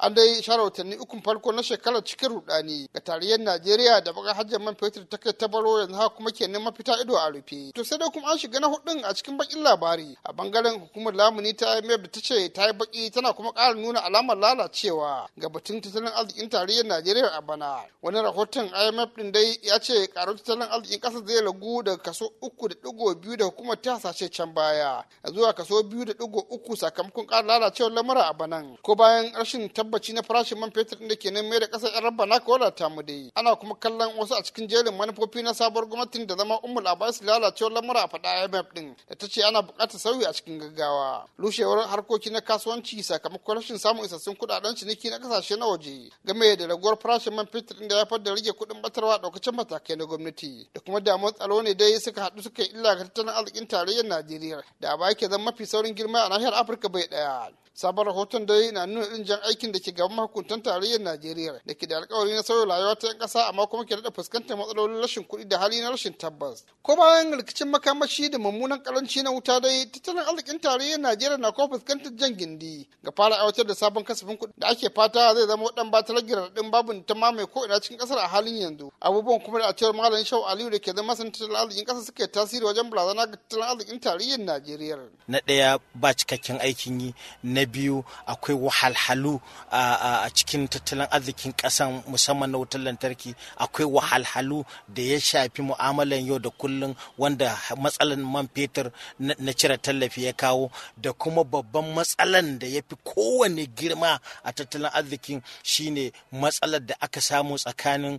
an dai share watanni ukun farko na shekarar cikin rudani ga tarayyar najeriya da baka hajjar man fetur ta kai tabarau yanzu haka kuma ke neman mafita ido a rufe to sai dai kuma an shiga na hudun a cikin bakin labari a bangaren hukumar lamuni ta imf da ta ce ta yi baki tana kuma kara nuna alamar lalacewa ga batun tattalin arzikin tarayyar najeriya a bana wani rahoton imf din dai ya ce karar tattalin arzikin kasa zai ragu daga kaso uku da digo biyu da hukumar ta hasashe can baya zuwa kaso biyu da digo uku sakamakon kara lalacewar lamura a banan ko bayan rashin ta tabbaci na farashin man fetur da ke nan mai da ƙasar yan rabba na kola ta mu dai ana kuma kallon wasu a cikin jerin manufofi na sabuwar gwamnatin da zama ummul abbas lalacewar lamura a faɗa imf din da ta ce ana buƙatar sauyi a cikin gaggawa rushewar harkoki na kasuwanci sakamakon rashin samun isassun kuɗaɗen ciniki na ƙasashe na waje game da raguwar farashin man fetur din da ya fadda da rage kuɗin batarwa ɗaukacin matakai na gwamnati da kuma damuwar tsaro ne dai suka haɗu suka yi illa ga tattalin arzikin tarayyar najeriya da ba yake ke zama mafi saurin girma a nahiyar afirka bai ɗaya sabon rahoton dai na nuna irin jan aikin da da ke gaban mahukuntan tarayyar Najeriya da ke da alkawari na sauya rayuwa ta 'yan ƙasa amma kuma ke daɗa fuskantar matsalolin rashin kuɗi da hali na rashin tabbas. Ko bayan rikicin makamashi da mummunan karanci na wuta dai tattalin arzikin tarayyar Najeriya na kuma fuskantar jan gindi ga fara aiwatar da sabon kasafin kuɗi da ake fata zai zama waɗan ba talagira ɗin babu ta mamaye ko ina cikin ƙasar a halin yanzu. Abubuwan kuma da a cewar Malam Shau Aliyu da ke zama masan tattalin arzikin ƙasa suke tasiri wajen barazana ga tattalin arzikin tarayyar Najeriya. Na ɗaya ba cikakken aikin yi, na biyu akwai wahalhalu a cikin tattalin arzikin kasan musamman na wutar lantarki akwai wahalhalu da ya shafi mu'amalan yau da kullum wanda matsalan man fetur na cire tallafi ya kawo da kuma babban matsalan da ya fi kowane girma a tattalin arzikin shine matsalar da aka samu tsakanin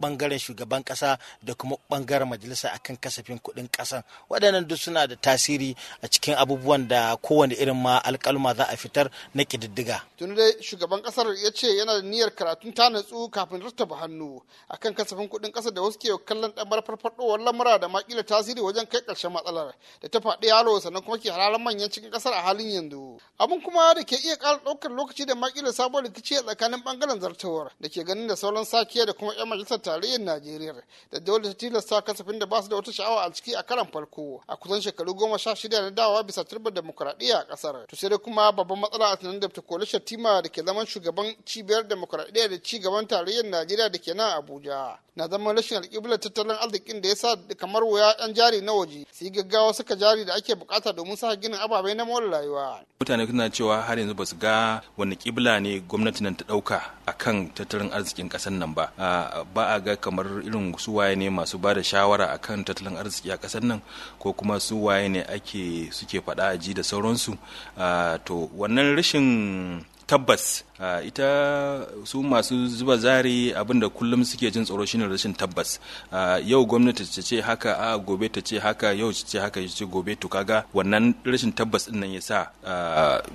bangaren shugaban ƙasa da kuma bangaren majalisa akan kasafin kuɗin ƙasan waɗannan duk suna da tasiri a cikin abubuwan da kowane irin ma alƙaluma za a fitar na kididdiga. Tuni dai shugaban kasar ya ce yana da niyyar karatun ta natsu kafin rattaba hannu a kan kasafin kuɗin ƙasa da wasu ke kallon ɗamar farfaɗowar lamura da makila tasiri wajen kai karshen matsalar da ta faɗi yalo sannan kuma ke halalan manyan cikin kasar a halin yanzu. Abin kuma da ke iya ƙara ɗaukar lokaci da makila sabon rikici a tsakanin bangaren zartawar da ke ganin da sauran sake da kuma 'yan majalisar tarayyar Najeriya da dole ta tilasta kasafin da ba su da wata sha'awa a ciki a karan farko a kusan shekaru goma sha shida na dawa bisa turbar demokuraɗiyya a kasar To sai kuma babban matsala a tunanin dr kola shatima da ke zaman shugaban cibiyar demokuraɗiyya da ci gaban tarayyar najeriya da ke nan abuja na zama rashin alƙiblar tattalin arzikin da ya sa kamar wuya ɗan jari na waje su yi gaggawa suka jari da ake bukata domin sa ginin ababai na more rayuwa mutane suna cewa har yanzu ba su ga wani kibla ne gwamnati nan ta ɗauka a kan tattalin arzikin ƙasar nan ba ba a ga kamar irin su waye ne masu ba da shawara kan tattalin arziki a ƙasar nan ko kuma su waye ne ake suke faɗa a ji da sauransu to wannan rashin Mm, tabbas ita su masu zuba zari abinda kullum suke jin tsoro shine rashin tabbas yau gwamnati ta ce haka a gobe ta ce haka yau ta ce haka ce gobe to kaga wannan rashin tabbas din nan yasa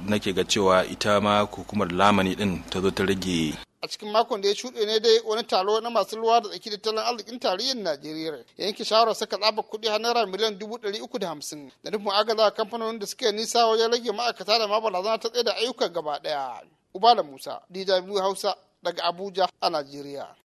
nake ga cewa ita ma hukumar lamani din ta zo ta rage a cikin makon da ya shuɗe ne dai wani taro na masu ruwa da tsaki da talan arzikin tarihin najeriya yanke shawarar saka tsabar kuɗi har naira miliyan dubu ɗari uku da hamsin da nufin agaza kamfanonin da suke nisa wajen rage ma'aikata da ma barazana ta tsaye da ayyukan gaba ɗaya uba da musa dw hausa daga abuja a najeriya